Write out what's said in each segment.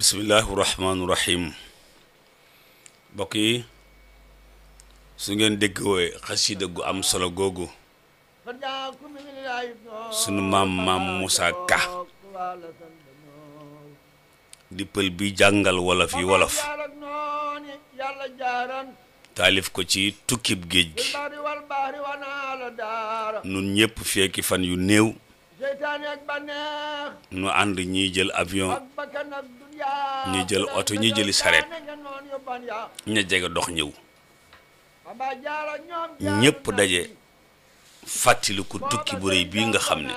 bismillahi rahmaani mbokk yi su ngeen déggoowe xasida gu am solo googu sunu maam maam Moussa Ka di pël bi jàngal wolof yi wolof taalif ko ci tukkib géej gi nun ñépp fekki fan yu néew nu ànd ñiy jël avion ñu jël oto ñu jëli saret ña jege dox ñëw ñëpp daje fàttaliku tukki bu rëy bii nga xam ne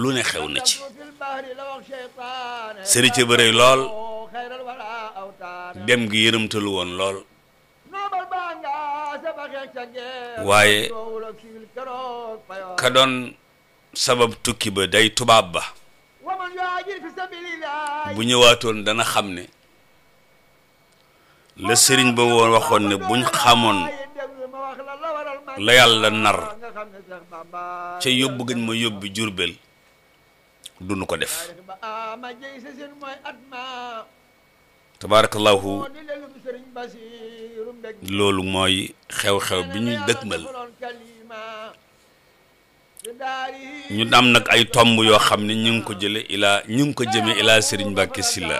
lu ne xew na ci sërite ba rëy lool dem gi yërëmtalu woon lool waaye ka doon sabab tukki ba day tubaab ba bu ñëwaatoon dana xam ne la sëriñ ba waxoon ne buñ xamoon la yàlla nar ca yóbbu gañ ma yóbbi jurbel duñu ko def tabaarakallaahu loolu mooy xew-xew bi ñuy dëgmal ñu am nag ay tomb yoo xam ne ñu ngi ko jële ilaa ñu ngi ko jëmee ilaa Serigne Mbacke Sylla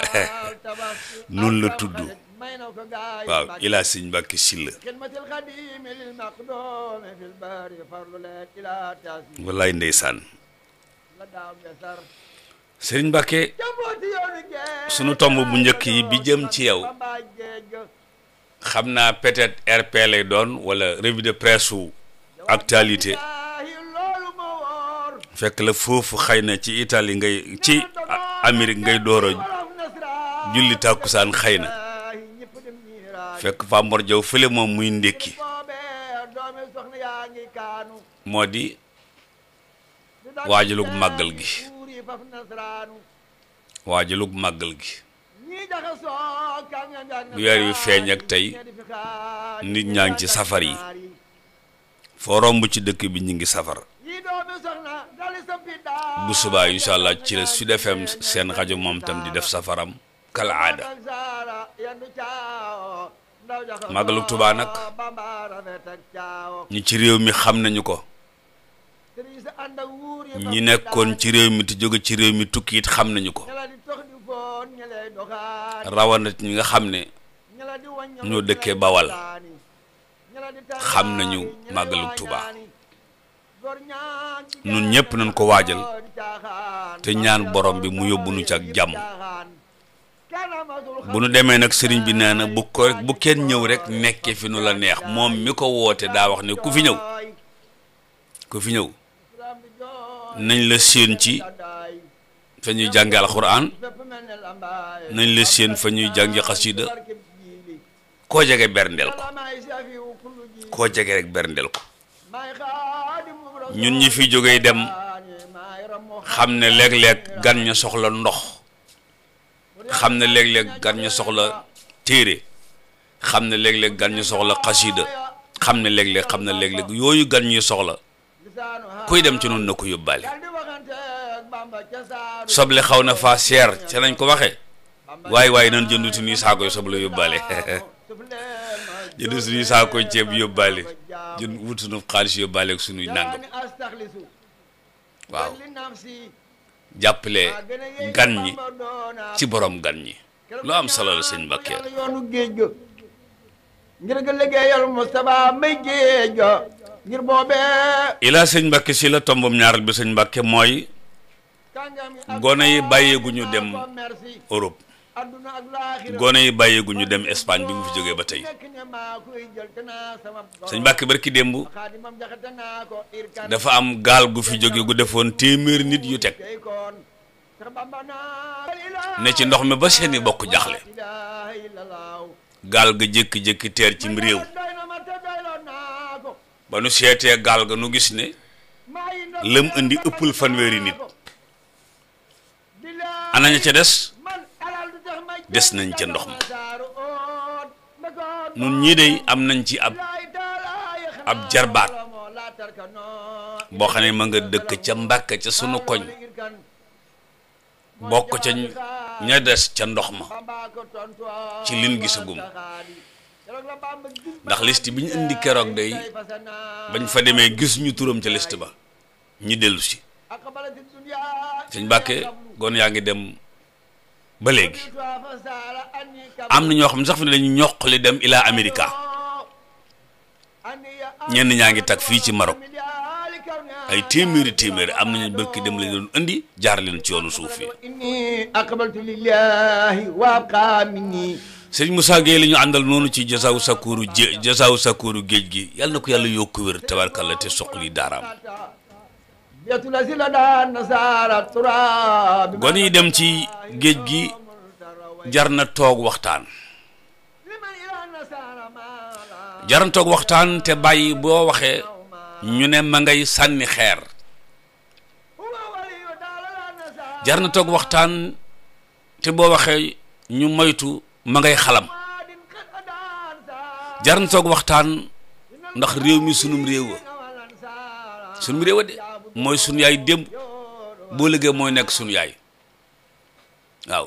noonu la tudd waaw ilaa Serigne Mbacke Sylla wallaay ndeysaan Serigne Mbacke sunu tomb bu njëkk yi bi jëm ci yow xam naa peut-être RP doon wala revue de presse wu actualité fekk la foofu xëy na ci itali ngay ci amerig ngay doora a julli tàkkusaan xëy na fekk fa Jaw fële moom muy ndékki moo di waajalug màggal gi waajalug màggal gi bu weer wi feeñ ak tey nit ñaa ngi ci safar yi foo romb ci dëkk bi ñu ngi safar bu subaa incha allah ci la Sud FM seen rajo moom tam di def safaram kala aada màggalu Tuubaa nag ñi ci réew mi xam nañu ko ñi nekkoon ci réew mi te jóge ci réew mi tukkiit xam nañu ko rawanat ñi nga xam ne ñoo dëkkee Bawal xam nañu màggalu tubaa nun ñépp nañ ko waajal te ñaan borom bi mu yóbbu nu ci ak jàmm bu nu demee nag sëriñ bi nee bu ko bu kenn ñëw rek nekkee fi nu la neex moom mi ko woote daa wax ne ku fi ñëw ku fi ñëw nañ la séen ci fa ñuy jànge alxuraan nañ la seen fa ñuy jànge xasida koo jege berndeel ko koo jege rek berndeel ko ñun ñi fi jógee dem xam ne léeg-léeg gan ñu soxla ndox xam ne léeg-léeg gan ñu soxla téere xam ne léeg-léeg gan ñu soxla xasida xam ne léeg-léeg xam ne léeg-léeg yooyu gan ñuy soxla kuy dem ci noonu na ko yóbbaale soble xaw na faa seer ca nañ ko waxe waaye waaye nan jënduti nii saako yu soble yóbbaale jënd suñuy saako ceeb yóbbaale jënd wut suñu xaalis yóbbaale ak suñuy nàngam waaw jàppale gan ñi ci boroom gan ñi lu am solo la sëñ Mbàkke ngir nga liggéeyal Moustapha may géej ngir boobee ilaa sëñ Mbàkke si la tombam ñaaral bi sëñ Mbàkke mooy gone yi bàyyeeguñu dem Europe gone yi bàyyeegu ñu dem Espagne bi mu fi jóge ba tey sëñ Mbàkke barki démb dafa am gaal gu fi jóge gu defoon téeméer nit yu teg ne ci ndox mi ba seeni bokk jaxle gaal ga jékki-jékki teer cim réew ba nu seetee gaal ga nu gis ne lëm indi ëppul fanweeri nit anaña ca des des nañ ca ndox ma nun ñii de am nañ ci ab ab jarbaat boo xam ne ma nga dëkk ca mbàkk ca sunu koñ bokk ca ña des ca ndox ma ci lin gisagum ndax list bi ñu indi keroog day bañ fa demee gis ñu turam ca liste ba ñu dellusi si sëñ Mbàkke gon yaa ngi dem ba léegi am na ñoo xam ne sax fi ne dañu ñoqli dem ilaa Amerika ñenn ñaa ngi tag fii ci Maroc ay téeméeri téeméeri am nañu barki dem la doon indi jaar leen ci yoonu suuf yi sëñ Moussa Gueye la ñu àndal noonu ci jasaawu sakkuuru jé jasaawu sakkuuru géej gi yàlla na ko yàlla yokku wér tabarkalla te soqli daaraam gon yi dem ci géej gi jar na toog waxtaan jar waxtaan te bàyyi boo waxee ñu ne ma ngay sànni xeer jar na toog waxtaan te boo waxee ñu moytu ma ngay xalam jar na toog waxtaan ndax réew mi sunum réew sunum réew de mooy sunu yaay démb boo liggéey mooy nekk sunuyaay waaw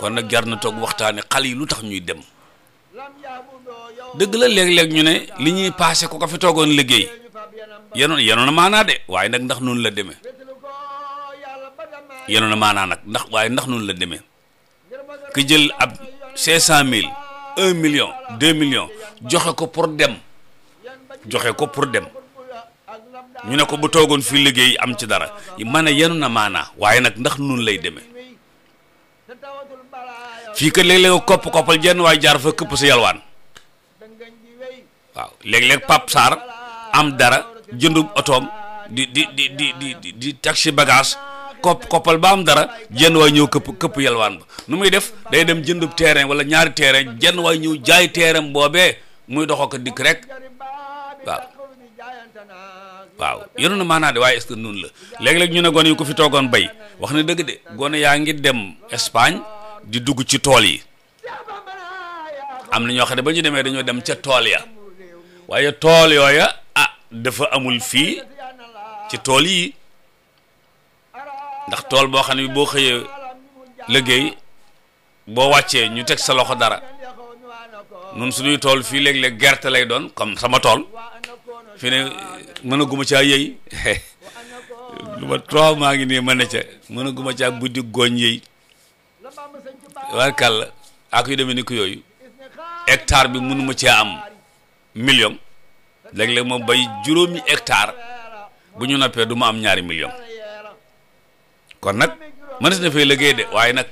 kon nag jar na toog waxtaane xal yi lu tax ñuy dem dëgg la léeg-léeg ñu ne li ñuy paase ko ko fi toogoon liggéey yenoon yenoon a maanaa de waaye nag ndax noonu la demee yenoon na maanaa nag ndax waaye ndax noonu la demee ki jël ab cinq cent mille un million deux million joxe ko pour dem joxe ko pour dem ñu ne ko bu toogoon fii liggéey am ci dara ma ne yenu na maanaa waaye nag ndax nun lay deme fii kat léeg-léeg kopp koppal jenn waay jaar fa këpp sa yalwaan waaw léeg am dara jëndub otoom di di di di di di bagage kopp koppal ba am dara jenn waay ñëw këpp këpp yalwaan ba nu muy def day dem jëndub terrain wala ñaari terrain jenn waay ñëw jaay terrain boobee muy dox ko dikk rek waaw waaw yenoon na maanaa de waaye est-ce que noonu la léegi léeg ñu ne gone yi ko fi toogoon bay wax na dëgg de gone yaa ngi dem Espagne di dugg ci tool yi am na ñoo xam ne ba ñu demee dañoo dem ca tool ya waaye tool yooya ah dafa amul fii ci tool yi ndax tool boo xam ne boo xëyee liggéey boo wàccee ñu teg sa loxo dara nun suñuy tool fii léeg-léeg gerte lay doon comme sama tool fi ne mën a guma caa yëy lu trois maa ngi nii mën na ca mën a guma caa buddi gooñ yëy warkal ak yu demee ni yooyu hectare bi mënuma cee am million léeg-léeg ma bay juróomi hectare bu ñu nappee du ma am ñaari million kon nag mënees na fay liggéey de waaye nag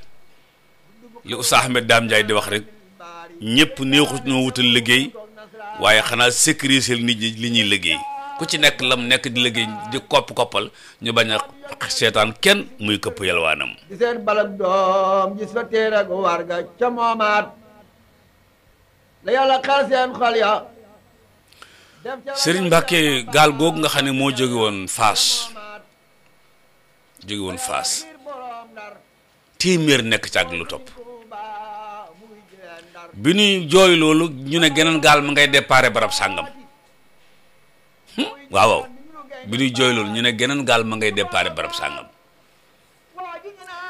li Oustaz Ahmed Dame Ndiaye di wax rek ñëpp neexut ñoo wutal liggéey waaye xanaa sécuriser nit ñi li liggéey ku ci nekk lam nekk di liggéey di kopp koppal ñu bañ a seetaan kenn muy këpp yalwaanam di seen balab doom gis fa téer ak war ca moomaat la yàlla xal seen xol ya sëriñ Mbàkke gaal googu nga xam ne moo jóge woon faas jóge woon faas téeméer nekk ci ak lu topp bi ñuy jooy loolu ñu ne geneen gaal ma ngay déparé barab sàngam hmm? waaw bi ñuy jooy ñu ne geneen gaal ma ngay déparé barab sàngam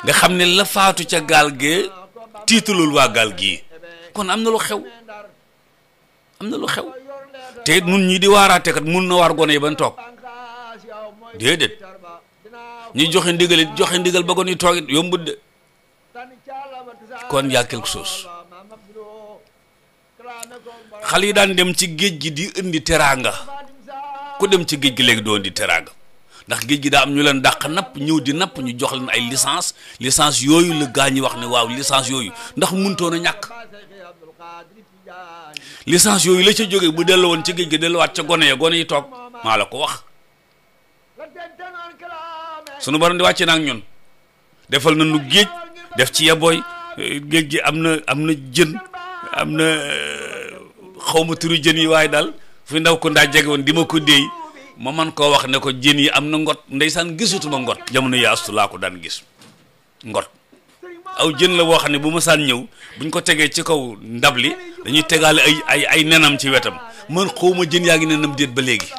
nga xam ne la faatu ca gaal gee tiitalul waa gaal gii kon am na lu xew am na lu xew te it nun ñi di waaraate kat mun na waar gone yi ban toog déedéet ñi joxe ndigal it joxe ndigal ba gone yi toog yombut de kon yaa quelque chose xale yi daan dem ci géej gi di indi teraanga ku dem ci géej gi léegi doo indi teraanga ndax géej gi daa am ñu leen dàq napp ñëw di napp ñu jox leen ay licence licence yooyu la gaa ñi wax ne waaw licence yooyu ndax muntoon a ñàkk licence yooyu la ca jógee bu delloo woon ci géej gi delluwaat ca gone ya gone yi toog maa la ko wax sunu borom di wàcce na ñun defal na nu géej def ci yebooy géej gi am na am na jën am na xaw ma turu jën yi waaye daal fi ndaw ko ndaa jege woon di ma ko déey ma man koo wax ne ko jën yi am na ngot ndeysaan gisutuma ngoot jamono yi astu laa ko daan gis ngot aw jën la boo xam ne bu ma saan ñëw buñ ko tegee ci kaw ndab li dañuy tegaale ay ay ay nenam ci wetam man xaw ma jën yaa ngi nenam déet ba léegi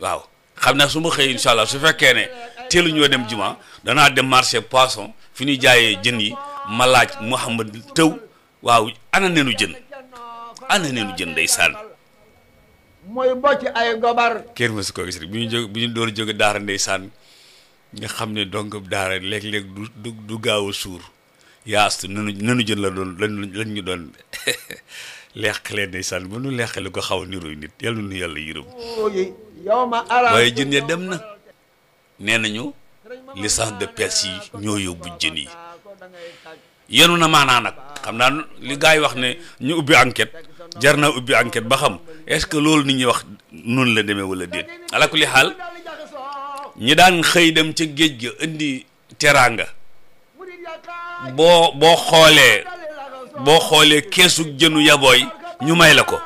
waaw xam naa su ma xëyee incha su fekkee ne teelu ñoo dem juma danaa dem marché poison fi ñuy jaayee jën yi ma laaj Mouhamad tëw waaw ana jën ana neenu jën ndeysaan mooy bocc ay gobar kenn mësu ko gis rek bu ñu jóg bu ñu door jóge daara saan nga xam ne donc daara léeg-léeg du du du gaaw a suur yaastu nanu jën la doon lañ lañ ñu doon leexalee ndeysaan bu nu leexale ko xaw a niruy nit yàlla nu yàlla yërëm waaye jën ya dem na nee nañu licence de pêche yi ñoo yóbbu jën yi yenu na maanaa nag xam naa li gars yi wax ne ñu ubbi enquête jar na ubbi enquête ba xam est-ce que loolu ni ñuy wax noonu la deme wala déet ala kulli xaal ñi daan xëy dem ca géej ga indi teraanga boo boo xoolee boo xoolee keesu jënu yabooy ñu may la ko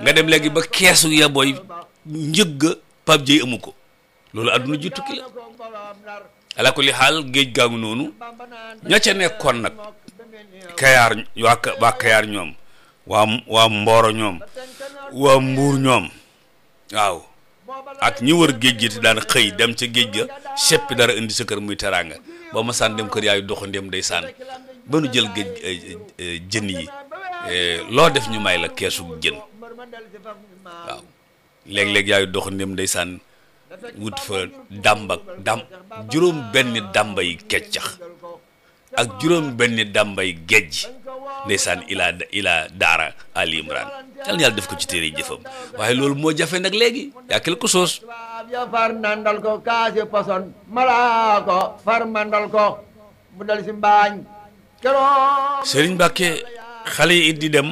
nga dem léegi ba keesu yabooy ga pap jëy amu ko loolu àdduna ji tukki la ala xaal géej gaa ngi noonu ña ca nekkoon nag kayaar waa kayaar ñoom waa waa Mboro ñoom waa Mbuur ñoom waaw ak ñi wër géej gi daan xëy dem ca géej ga seppi dara indi sa kër muy teraanga ba ma saan dem kër yaayu doxandéem day saan ba nu jël géej jën yi e, loo def ñu may la keesu jën waaw léeg-léeg yaayu doxandéem day saan wut fa dàmb ak dàmb juróom benn dàmba keccax ak juróom benn dàmba yi ndeysaan ilaa ilaa daara Ali Imran yal na yàlla def ko ci téere jëfam waaye loolu moo jafe nag léegi yaa quelque chose ya far nandal ko kaasi poson malaa ko far mandal ko mu dal si mbaañ keroog Sëriñ Mbàkke xale yi it di dem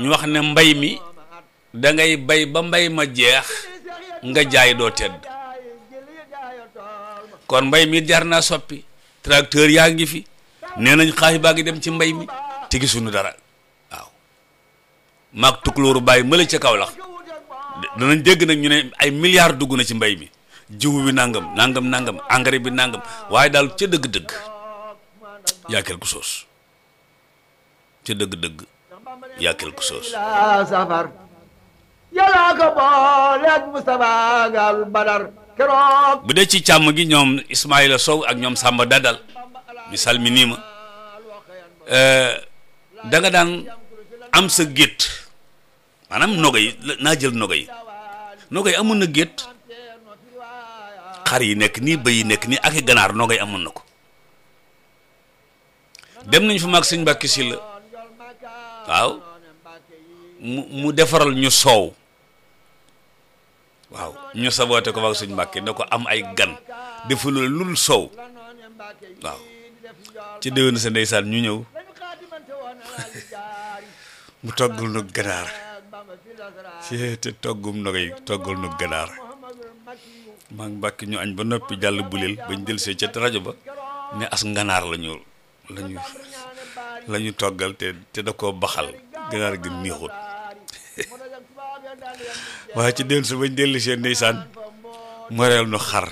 ñu wax ne mbay mi da bay ba mbay ma jeex nga jaay doo tedd kon mbay mi jar naa soppi tracteur yaa ngi fi nee nañ xaalis baa ngi dem ci mbay mi te gisuñu dara waaw maag tukulóoru bàyyi mëla ca Kaolack danañ dégg nag ñu ne ay milliards dugg na ci mbay mi jiwu bi nangam nangam nangam engrais bi nangam waaye daal ca dëgg-dëgg yaa quelque chose ca dëgg-dëgg yaa quelque chose safar yàllaa ko booleeg Moustapha Gaal Badar keroog bu dee ci càmm gi ñoom Ismaïla Sow ak ñoom Samba Dadal misal mi nii ma euh, danga nga daan am sa gét maanaam nogo yi naa jël nogo yi nogo yi amoon na gét xar yi nekk nii bëy yi nekk nii ak i ganaar nogo yi amoon na ko dem nañ fa maag sëñ Mbàkke Sylla waaw mu mu defaral ñu soow waaw ñu saboote ko maag sëñ Mbàkke ne ko am ay gan defaloo lul soow waaw ci déwén sa ndeysaan ñu ñëw mu toggul nu ganaar ci te toggum na koy toggul nu ganaar maa ngi ñu añ ba noppi jàll buleel bañ delsee ca rajo ba ne as nganaar lañu lañu lañu toggal te te da koo baxal ganaar gi niixut waaye ci delsu bañ delsee ndeysaan mu reel nu xar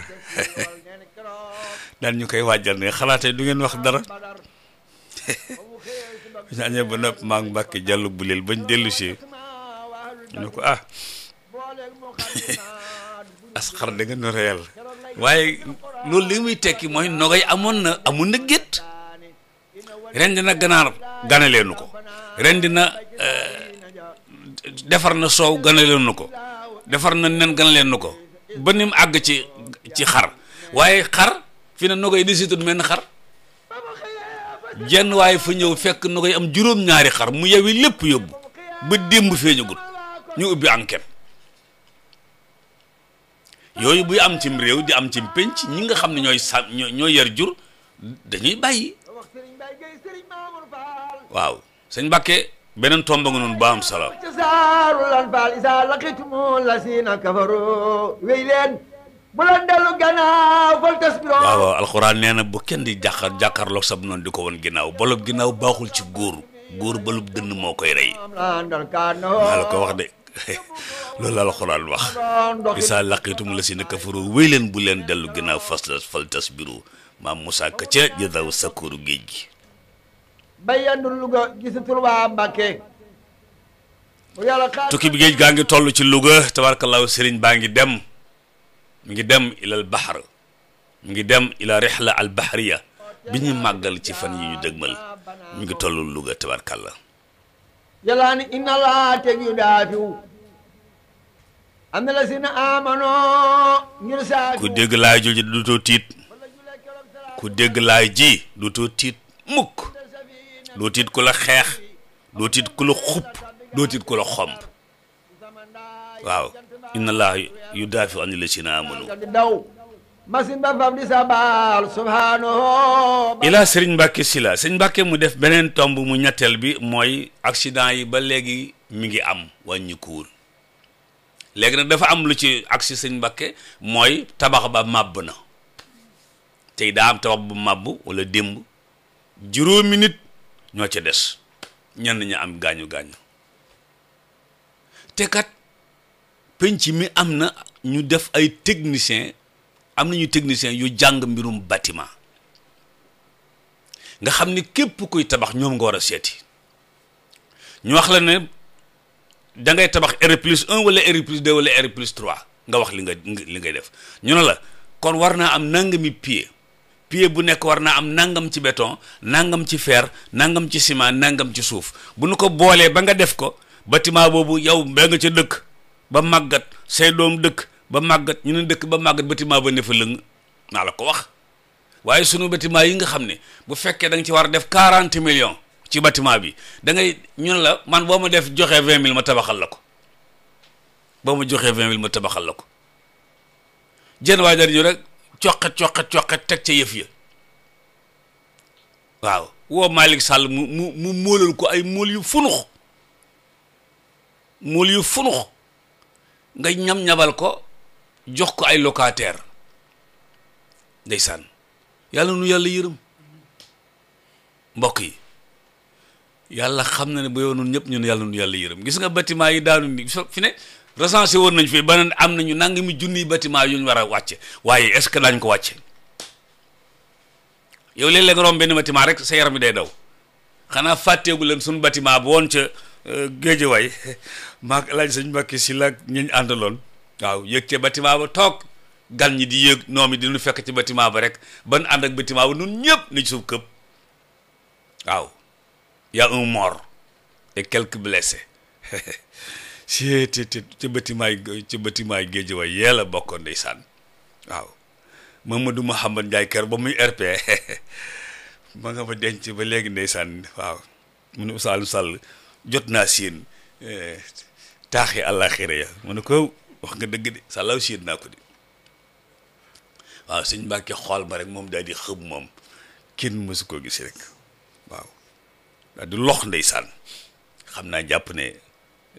daan ñu koy waajal ne xalaatee du ngeen wax dara bi ñu ba nopp maa ngi mbàkki jàllu buleel bañ dellu si ñu ne ko ah asxar da nga no réel waaye loolu li muy tekki mooy nogay amoon na amoon na gétt ren dina ganaar ganaleenu ko ren na eh, defar na soow ganaleenu ko defar na nen ganaleenu ko ba nim àgg ci ci xar waaye xar fi ne nogay di situt mel xar jenn waaye fa ñëw fekk na koy am juróom-ñaari xar mu yewi lépp yóbbu ba démb feeñagul ñu ubbi enquête yooyu buy am cim réew di am cim pénc ñi nga xam ne ñooy sa ñooy yar jur dañuy bàyyi waaw sëñ Mbàkke beneen tomba nga noonu ba am salaam bu la dellu gannaaw voltes bi waaw alxuraan nee na bu kenn di jàkkaar jàkkaarloog sab noonu di ko woon ginnaaw bolub ginnaaw baaxul ci góor góor balub dënn moo koy rey ko wax de loolu alxuraan wax isaa laqitum la si na kafaru wéy leen bu leen dellu ginnaaw fas la faltas biru maam Moussa Ka ca jëdaw sakkuuru géej gi bayandu tukki bi géej gaa ngi toll ci Louga tabarkallahu sëriñ baa ngi dem mi ngi dem ilal bahar mi ngi dem ila rihla al bahriya bi ñuy màggal ci fan yi ñu dëgmal mi ngi tollu Louga tabarkàlla la ku dégg laay ji duutoo tiit ku dégg ji duutoo tiit mukk doo tiit ku la xeex doo tiit ku la xupp doo ku la xomb waaw inna allah yudaafi an lasina amanu masin ba fam di sabal subhanahu ilaa sëriñ Mbàkke Sylla sëriñ Mbàkke mu def beneen tomb mu ñetteel bi mooy accident yi ba léegi mu ngi am wàññi kuur léegi nag dafa am lu ci aksi sëriñ Mbàkke mooy tabax ba màbb na tey daa am tabax bu màbb wala démb juróomi nit ñoo ca des ñenn ña am gaañu gaañu te penc mi am na ñu def ay technicien am na ñu technicien yu jàng mbirum bâtiment nga xam ni képp kuy tabax ñoom nga war a seeti ñu wax la ne da ngay tabax R plus 1 wala R plus 2 wala R plus 3 nga wax li nga li ngay def ñu ne la kon war naa am nangami pie pied bu nekk war naa am nangam ci béton nangam ci feer nangam ci ciment nangam ci suuf bu nu ko boolee ba nga def ko bâtiment boobu yow ba nga ca dëkk ba màggat say doom dëkk ba màggat ñu ne dëkk ba màggat bâtiment ba ne fa lëng naa la ko wax waaye sunu bâtiment yi nga xam ne bu fekkee da ci war a def quarante million ci bâtiment bi da ngay ñu ne la man boo ma def joxe vingt mille ma tabaxal la ko boo ma joxee vingt mille ma tabaxal la ko jën waay ñu rek coqet coqet coqet teg ca yëf ya waaw woo Malick sàll mu mu mu ko ay móol yu funux móol yu funux nga ñam-ñabal ko jox ko ay locataire ndeysaan yàlla nu yàlla yërëm mbokk yi yàlla xam na ne bu yoonu ñëpp ñun yàlla nu yàlla yërëm gis nga bâtiment yi daanu ni fi ne recensé woon nañ fi beneen am nañu nangami junniy bâtiment yu ñu war a wàcce waaye est-ce que daañ ko wàcce yow léeg-léeg nga romb benn bâtiment rek sa yaram bi day daw xanaa fàtteegu leen suñu bâtiment bu woon ca géejewaay maak laaj sëñ Mbàkke si la ñu àndaloon waaw yëg ca bâtiment ba toog gan ñi di yëg noom yi di nu fekk ci bâtiment ba rek ban ànd ak bâtiment ba nun ñëpp ni ci suuf këpp waaw y a un mort et quelques blessés ci ci bâtiment yi ci bâtiment yi yee la bokkoon ndeysaan waaw ba muy RP nga fa ba léegi ndeysaan waaw mu nu Sall Sall jot naa seen eh, taaxi àllaaxira ya mu ne ko wax nga dëgg de sa law seen naa ko di waaw sëñ Mbàkke xool ma rek moom daal di xëb moom kenn mësu koo gis rek waaw daal di lox ndeysaan xam naa jàpp ne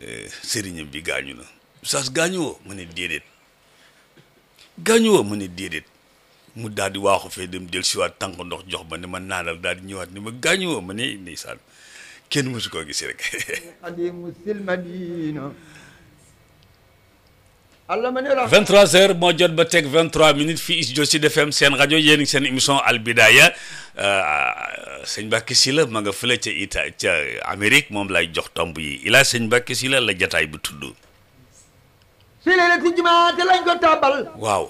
eh, sëriñam bi gaañu na sas gaañuwoo mu ne déedéet gaañuwoo mu ne déedéet mu daal di waaxu fee dem del siwaat tànk ndox jox ma ne ma naanal daal di ñëwaat ne ma gaañuwoo ma ne ndeysaan kenn mësu ko gis rek xadimu silmadino alla ma ne moo jot ba teg 23 minutes fii studio Sud FM seen rajo yéen seen émission Al Bidaya euh, euh, sëñ Mbacke Sylla ma nga fële ca Ita ca Amérique moom lay jox tomb yi ilaa sëñ Mbacke Sylla la jataay bu tudd si léeg-léeg si jumaate lañ ko tàbbal waaw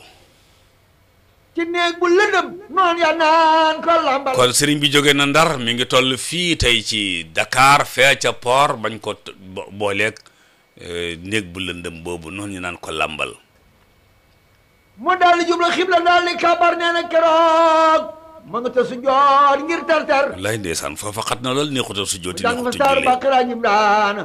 ci néeg bu lëndëm noonu ya naan ko lambal kon sëriñ bi jóge na ndar mi ngi toll fii tey ci Dakar fee ca port bañ ko booleeg eh, néeg bu lëndëm boobu noonu ñu naan ko làmbal mu daal di jublu xibla daal di kabar nee na keroog nga ta su joot ngir terter lay ndeysaan foofa xat na lool neexuta su jooti neexuta julli saar baqara ñim daana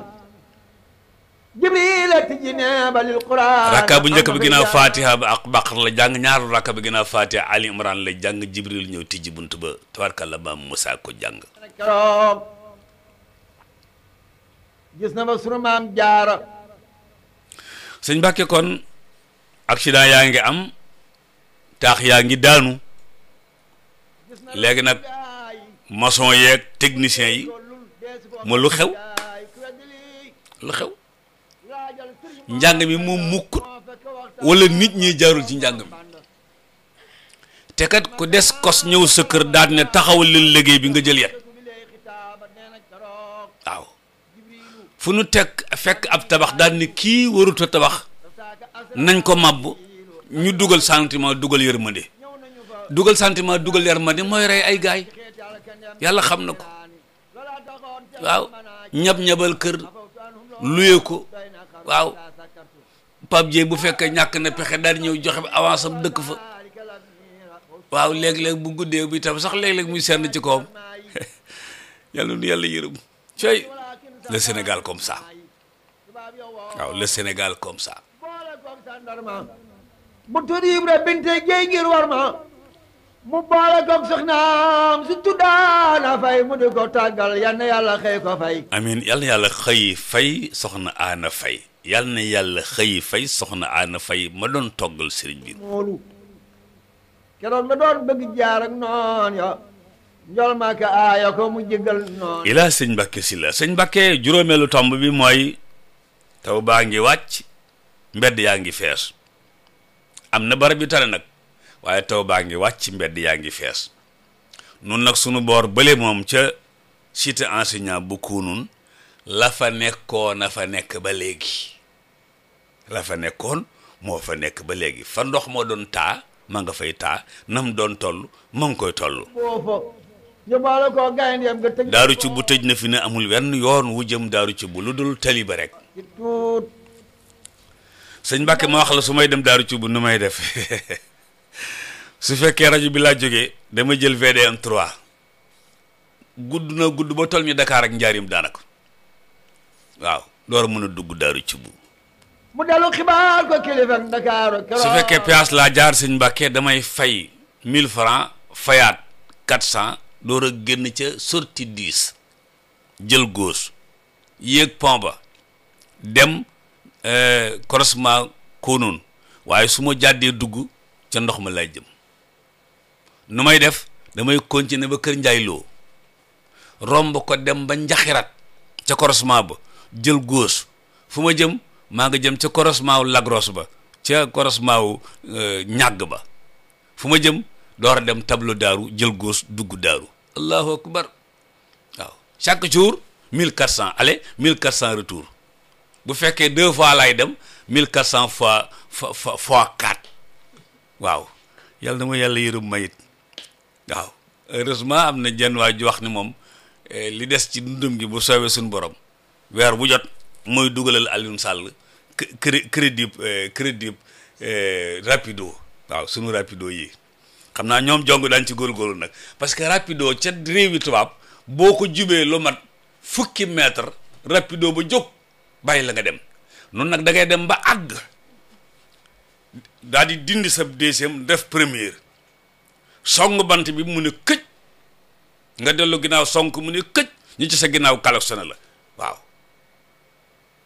rakka bu njëkk bi ginnaaw fatiha ba ak baqar la jàng ñaaru rakka bi ginnaaw fatiha ali imran la jàng jibril ñëw tijji bunt ba tabarkalla maam Moussa ko jàng keroog gis na ma sunu maam jaara accident yaa ngi am taax yaa ngi daanu léegi nag maçon yeeg technicien yi ma lu xew lu xew njàng mi moom mukkut walla nit ñi jaarul ci njàng mi te kat ku des kos ñëw sa kër daal ne taxawal leen liggéey bi nga jël yat waaw fu nu teg fekk ab tabax daal ne kii waruta tabax nañ ko màbb ñu dugal sentiment dugal yërmande dugal sentiment dugal yërmande mooy rey ay gaay yàlla xam na ko waaw ñab-ñabal kër luye ko waaw Pape Dieye bu fekkee ñàkk na pexe daal ñëw joxe avance am dëkk fa waaw léeg-léeg bu guddee bi tam sax léeg-léeg muy senn ci kawam yàlla nu yàlla yërëm cey le Sénégal comme ça waaw le Sénégal comme ça bu tudd Ibra binte mu di ko tàggal yal na yàlla xëy ko fay amiin yal na yàlla xëy fay soxna aana fay yal na yàlla xëy fay soxna aana fay ma doon toggal sëriñ bi moolu keroog la doon bëgg jaar ak noon ya njol maaka aaya ko mu jéggal noon ilaa sëñ Mbàkke si la sëñ Mbàkke juróomeelu tomb bi mooy taw baa ngi wàcc mbedd yaa ngi fees am na barab yu tane nag waaye taw baa ngi wàcc mbedd yaa ngi fees nun nag sunu boor bële moom ca cité enseignant bu kunun la fa nekkoon na fa nekk ba léegi la fa nekkoon moo fa nekk ba léegi fa ndox moo doon taa ma nga fay taa nam doon toll ma ngi koy toll daaru ci bu tëj na fi ne amul wenn yoon wu jëm daaru ci lu dul tali ba rek sëñ Mbàkke ma wax la su may dem daaru ci bu nu may def su fekkee rajo bi laa jógee dama jël VDM 3 gudd na gudd ba toll ñu Dakar ak njaarim daanaka waaw door mën a dugg daaru ci mu dellu xibaar ko su fekkee piyaas laa jaar sëñ Mbàkke damay fay mille francs fayaat quatre cent door a génn ca sortie dix jël góos yéeg pont ba dem euh, croisement konoon waaye su ma jàddee dugg ca ndox ma lay jëm nu may def damay continuer ba kër Njaay romb ko dem ba njaxirat ca croisement ba jël góos fu ma jëm maa nga jëm ca croisement wu Lagros ba ca croisement euh, wu ñàgg ba fu ma jëm door a dem tableau daaru jël góos dugg daaru allahu akbar waaw chaque jour mille quatre cent aller mille quatre cent retour bu fekkee deux fois laay dem mille quatre cent fois fois quatre waaw yàlla na ma yàlla yërëm mayit it waaw heureusement am na jenn waay ju wax ni moom eh, li des ci dundum gi bu soobee suñu borom weer bu mooy dugalal Alioune Sall cré crédit euh, crédit euh, rapido waaw sunu rapido yi xam naa ñoom jong daañ ci góorgóorlu nag parce que rapido ca réewi tubaab boo ko jubee lu mat fukki mètre rapido ba jóg bàyyi la nga dem noonu nag da ngay dem ba àgg daal di dindi sa deuxième def première song bant bi mu ne këj nga dellu ginnaaw sonk mu ne këj ñu ci sa ginnaaw kalosone la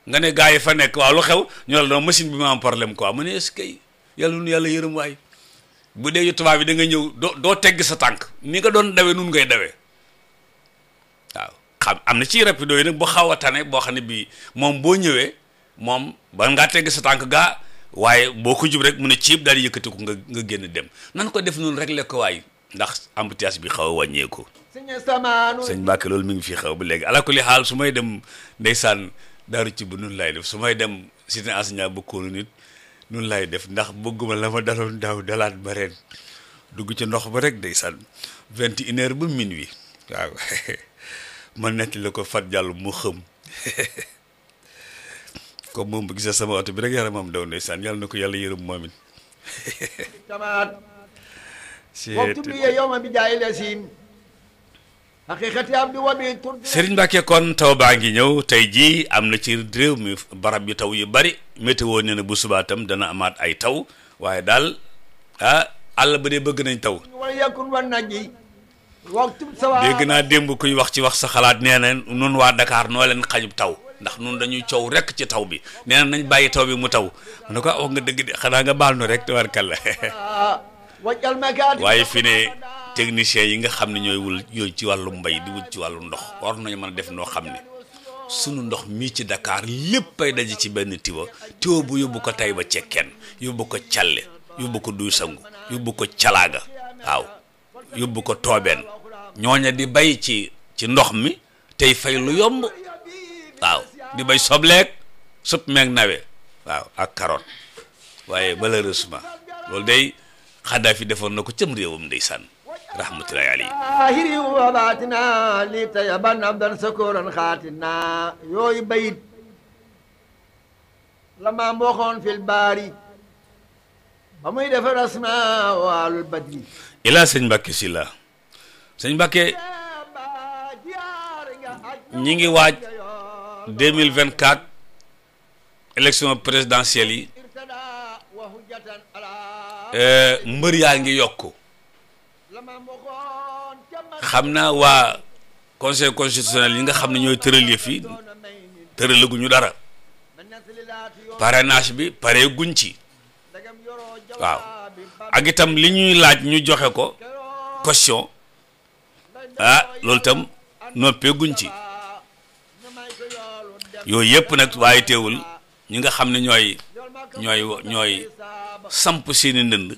nga ne gars yi fa nekk waaw lu xew ñoo la doon machine bi ma am problème quoi mu ne est-ce que yàlla nu yàlla yërëm waay bu dee yu tubaab bi da nga ñëw doo doo tegg sa tànk ni nga doon dawee nun ngay dawee waaw xam am na ci rapido yi nag xaw a tane boo xam ne bii moom boo ñëwee moom ba ngaa tegg sa tànk gaa waaye boo ko jub rek mu ne ciib daal yëkkati ko nga nga génn dem nan ko def noonu rek la ko waay ndax embouteillage bi xaw a wàññeeku sëñ Mbàkke loolu mu ngi fii xew bu léegi ala kulli su may dem ndeysaan daaru ci bu nun laay def su may dem cité enseignant bu koonu nit nun laay def ndax bëgguma la ma daloon daaw dalaat ba ren dugg ci ndox ba rek day sànn vingt et une heure ba minuit waaw man netti la ko fat jàll mu xëm comme moom bu gisee sama oto bi rek yaramam daw ndeysaan yàlla na ko yàlla yërëm moom it. tamaat. si waxtu yow ma bi jaay la siin sëriñ Mbàkke kon taw baa ngi ñëw tey jii am na ci réew mi barab yi taw yu bari météo nee na bu subaa tam dana amaat ay taw waaye daal ah àll ba dee bëgg nañ taw dégg naa démb kuy wax ci wax sa xalaat nee na nun waa Dakar noo leen xañub taw ndax nun dañuy coow rek ci taw bi nee na nañ bàyyi taw bi mu taw mu ko ah, wax nga dëgg de xanaa nga baal nu rek tabarkalla ah, waaye fi ne techniciens yi nga xam ne ñooy wul yooyu ci wàllu mbay di wut ci wàllu ndox war nañu mën a def noo xam ne suñu ndox mii ci dakaar Dakar léppay daje ci benn tiwa tiwa bu yóbbu ko Taïba Cekkeen yóbbu ko Calle yóbbu ko Duy Sangu yóbbu ko Calaaga waaw yóbbu ko Toobeen ñooña di bay ci ci ndox mi tey fay lu yomb waaw di bay sobleeg supp meeg nawe waaw ak karoot waaye malheureusement loolu day Xadaafi defoon na ko cëm réewam sànn rahmatullahi alayhi ahiri walaatina li tayaban abdan sakuran xaatina yooyu bayit la ma mboxoon baari ba defar asma waalul badri ilaa sëñ Mbàkke si la sëñ Mbàkke ñi ngi waaj 2024 élection présidentielle yi euh, mbër yaa ngi yokk xam na waa conseil constitutionnel yi nga xam ne ñooy tëral yëf yi tëralaguñu dara parrainage bi pare guñ ci waaw ak itam li ñuy laaj ñu joxe ko question ah, loolu tam noppee guñ ci yooyu yëpp nag waaye teewul ñi nga xam ne ñooy ñooy ñooy samp seeni ndënd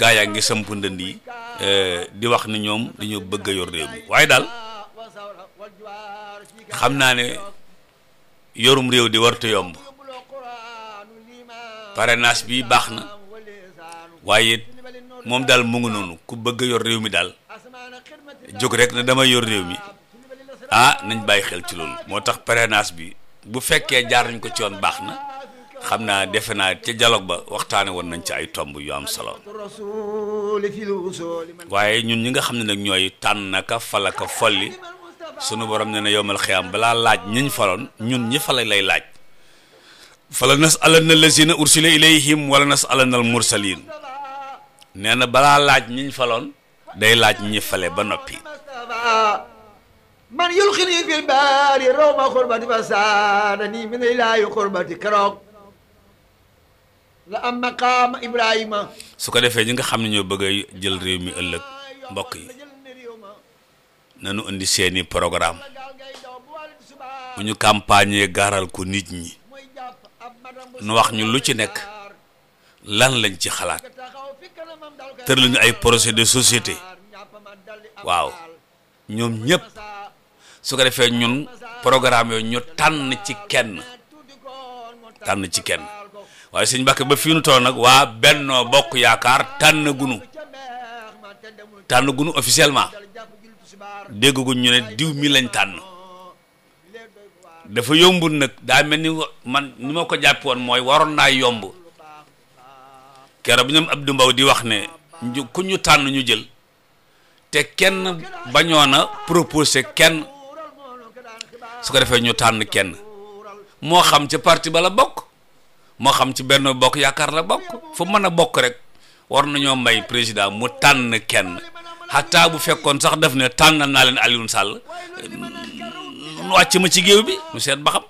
gaa yaa ngi samp ndënd yi eh, di wax ni ñoom dañoo bëgg a yor réew mi waaye daal xam naa ne yorum réew di warta yomb parrainage bi baax na waaye it moom daal mu ngi noonu ku bëgg yor réew mi daal jóg rek na dama yor réew mi ah nañ bàyyi xel ci loolu moo tax parrainage bi bu fekkee jaar nañ ko ci yoon baax na xam naa defe naa ca dialogue ba waxtaane woon nañ ci ay tomb yu am solo waaye ñun ñi nga xam ne nag ñooy tànn naka falaka folli sunu borom ne na yowmal xiyaam balaa laaj ñiñ faloon ñun ñi fala lay laaj fala nas alanna lazina ursila ilayhim wala nas alanna al mursalin nee na balaa laaj ñiñ faloon day laaj ñi fale ba noppi am maqaama Ibrahima. su ko defee ñi nga xam ne ñoo bëgg a jël réew mi ëllëg mbokk yi nañu indi seeni programme bu ñu campagne gaaral ko nit ñi nu wax ñu lu ci nekk lan lañ ci xalaat tëral ñu ay projet de société waaw ñoom ñëpp su ko defee ñun programme yooyu ñu tànn ci kenn tànn ci kenn. waaye sëñ Mbàkke ba fi nu toll nag waa Bennoo Bokk Yaakaar tànn gunu tànn gunu officiellement dégg guñ ñu ne diw mi lañ tànn dafa yombul nag daa mel ni man ni ma ko jàpp woon mooy waroon naa yomb keroog ñoom Abdou Mbow di wax ne ñu ñu tànn ñu jël te kenn bañoon a proposé kenn su ko defee ñu tànn kenn moo xam ca parti bala bokk moo xam ci benn bokk yaakaar la bokk fu mën a bokk rek war nañoo may président mu tànn kenn xataa bu fekkoon sax def ne tànn naa leen Alioune Sall nu mm, wàcc ma ci géew bi mu seet ba xam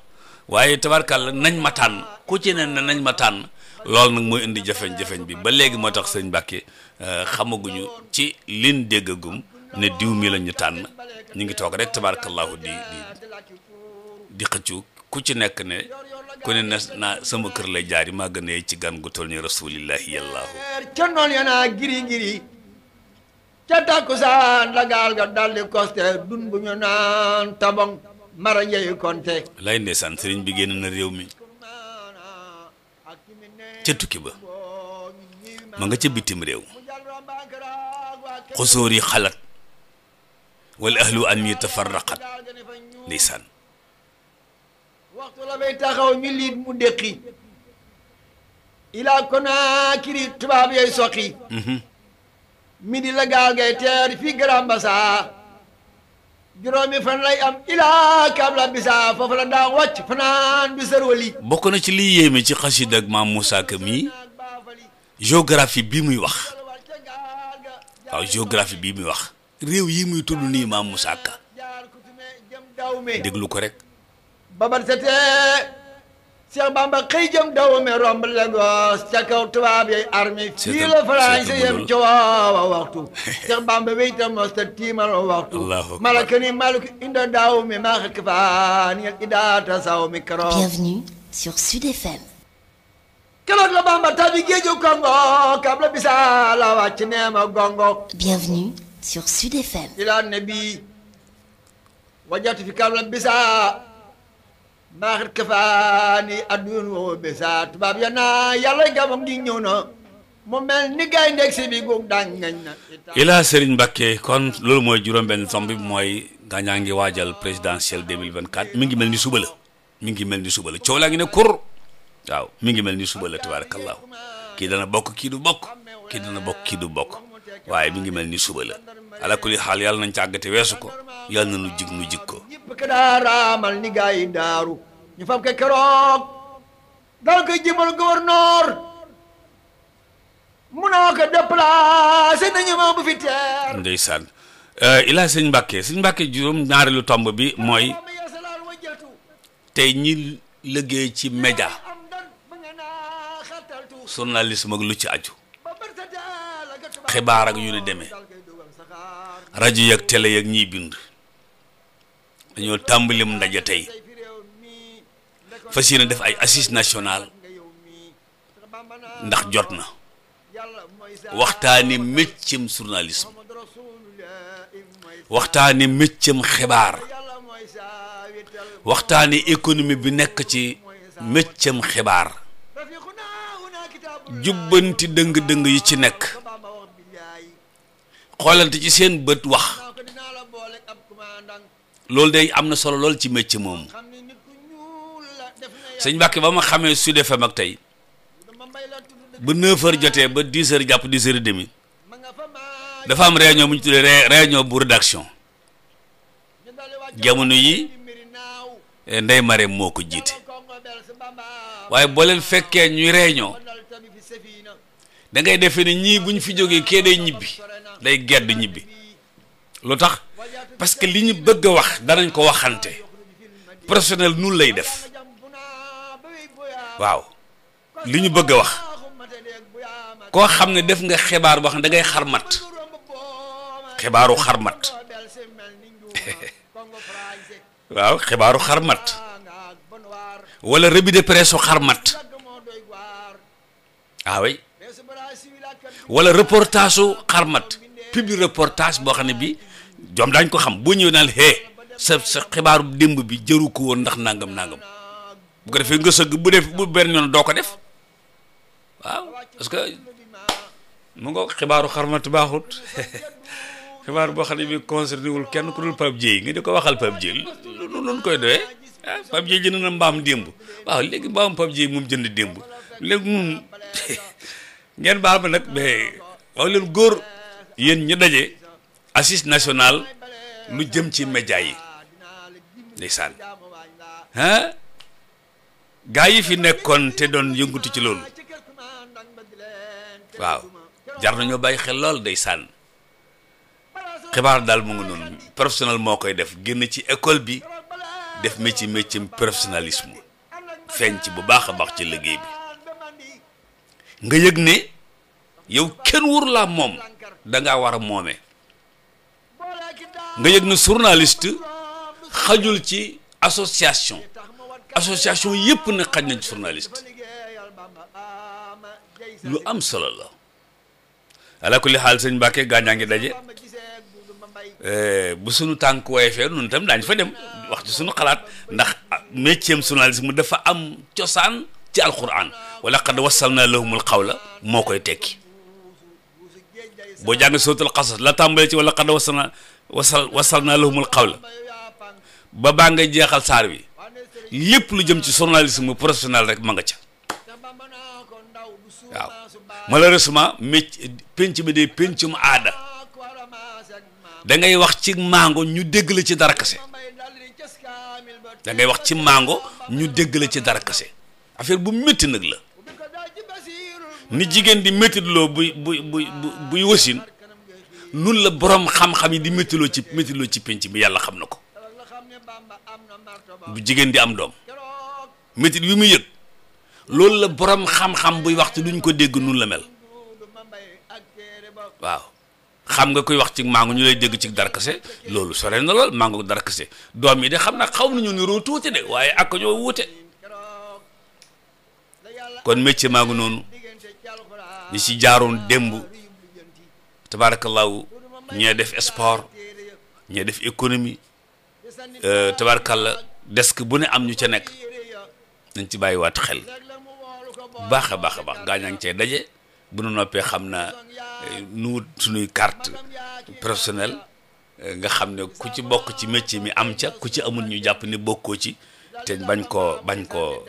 waaye tabarkàlla nañ ma tànn ku ci ne nañ ma tànn lool nag mooy indi jafeñ-jafeñ bi ba léegi moo tax sëñ Mbàkke euh, xamaguñu ci liñ déggagum ne diw mii la ñu tànn ñu ngi toog rek tabarkallahu di di di xëccu ku ci nekk ne ku ne na sama kër lay jaari maa gën a ci gan gu toll ni rasulillahi yallaahu ca noon yanaa giri giri ca tàkkusaan la gaal ga daldi koste dun bu ñu naan tabong mara njeyu konte lay ndeysaan sëriñ bi génn na réew mi ca tukki ba ma nga ca bitim réew xusóor yi xalat ahlu an yi tafarraqat ndeysaan waxtu la may taxaw ñu liit mu déqi ilaa Konaakiri tubaab yooyu soqi mhm. midi la gaal ngay teer fii Grand juróomi fan lay am ilaa Kabla Bisa foofu la daa wàcc fanaan bi sërwali bokk na ci liy yéeme ci xasida ak maam Moussa mi géographie bi muy wax waaw géographie bi muy wax réew yi muy tudd nii maam Moussa ko rek ba ban setee Cheikh Bamba xëy jëm romb Lagos ca tubaab yay armée fii la français yem coowa waxtu Cheikh Bamba weyta mosta tiimal waxtu malaka ni inda daw mi maa xëkk idaata saw mi keroog bienvenue sur Sud la Bamba tabi géeju Congo kab la bisa la gongo bienvenue sur Sud FM ila nabi fi kab la maaxit kafaani addun woo bésa tubaab ya naa yàlla gabam di ñëw na mu mel ni gaay ndeg si bi góog dàngañ na ilaa Serigne Mbacké kon loolu mooy juróom-benn tomb bi mooy dañaa ngi waajal présidentielle 2024 mi ngi mel ni suba la mi ngi mel ni subala la coow laa ngi ne kur waaw mi ngi mel ni suba la kii dana bokk kii du bokk kii dana bokk kii du bokk waaye mi ngi mel ni suba la alakuli xaal yàlla nañ càggate weesu ko yàlla na nu jig nu jig ko ñëpp ka daa raamal ni gaa yi ñu fam ke keroog dal koy jëmal gouverneur munoo ko déplacé nañu ma bu fi teer euh, ilaa sëñ Mbàkke sëñ Mbàkke juróom ñaareelu tomb bi mooy tey ñi liggéey ci média journalisme ak lu ci aju xibaar ak yu ni demee rajo yeeg télé yeeg ñiy bind dañoo tàmbalim ndaje tey fas yéene def ay assise national ndax jot na waxtaani méccam journalisme waxtaani méccam xibaar waxtaani économie bi nekk ci méccam xibaar jubbanti dëng-dëng yi ci nekk xoolante ci seen bët wax loolu day am na solo loolu ci métier moomu sëñ Mbàkke ba ma xamee Sud FM mag tey ba 9h jotee ba 10h jàpp 10h et demi dafa am réunion bu ñu tuddee réunion bu rédaction jamono yi eh, Ndeye Marème moo ko jiite waaye boo fekkee ñuy réunion da ngay ni ñii bu ñu fi jógee kee day ñibbi. day gedd ñibbi lu tax parce que li ñu bëgg a wax danañ ko waxante professionnel nun lay def waaw li ñu bëgg a wax koo xam ne def nga xibaar boo xam ne da ngay xarmat xibaaru xarmat waaw xibaaru xarmat wala revue de presse xarmat ah oui reportage xarmat publi reportage boo xam ne bi jom daañ ko xam boo ñëwee naan hee sa sa xibaaru démb bi jëru ko woon ndax nangam nangam bu ko defee nga sëgg bu def bu benn yoon doo ko def waaw parce que mu nga xibaaru xarmat baaxut xibaar boo xam ne bi concerné wul kenn ku dul Pape Dieye nga di ko waxal Pape Dieye lu lu koy doyee ah Pape Dieye jënd na mbaam démb waaw léegi mbaamu Pape Dieye moom jënd démb léegi moom ngeen baal ma nag mais waaw leen góor yéen ñu daje assise national lu jëm ci média yi ndeysaan ah gaa yi fi nekkoon te doon yëngutu ci loolu waaw jar nañoo bàyyi xel lool ndeysaan xibaar daal mu ngi noonu professionnel moo koy def génn ci école bi def métier métier professionnalisme feeñ ci bu baax a baax ci liggéey bi nga yëg ne yow kenn wóor moom. da war a moome nga yëg na journaliste xajul ci association association yépp na xaj nañ ci journaliste lu am solo la ala kulli xaal sëñ Mbàkke gaañaa ngi daje eh, bu sunu tànk waaye fee nun tam daañ fa dem wax ci suñu xalaat ndax métier mu dafa am cosaan ci alquran wala qad wasalna xaw la moo koy tekki boo jàng suratul xasas la tàmbalee ci wala xad wasana wasal wasal naa lahumul xawla ba baa nga jeexal saar bi lépp lu jëm ci journalisme professionnel rek ma nga ca waaw malheureusement mécc penc bi day aada da wax ci mango ñu dégg la ci dara kase dangay wax ci màngo ñu dégg la ci dara kase affaire bu métti nag la ni jigéen di méttitloo buy buy buy buy wasin nun la borom xam-xam yi di méttiloo ci méttiloo ci penc bi yàlla xam na ko bu jigéen di am doom méttit yu mu yëg loolu la boroom xam-xam buy waxtu duñ ko dégg nun la mel waaw xam nga koy wax ci mango ñu lay dégg ci darkase loolu sore na lool mango darkase doom yi de xam naa xaw nañu niroo tuuti de waaye ak ñoo wuute kon métier maa noonu ñi ci jaaroon démb tabaarakallaahu ñee def esport ñee def économie euh, tabaarakalla desk bu ne am ñu ca nekk dañ ci bàyyiwaat xel baax a baax a baax gaa ñaa ngi cee daje bu nu noppee xam na euh, nu sunuy carte professionnelle euh, nga xam ne ku ci bokk ci métier mi am ca ku ci amul ñu jàpp ne bokkoo ci te bañ koo bañ koo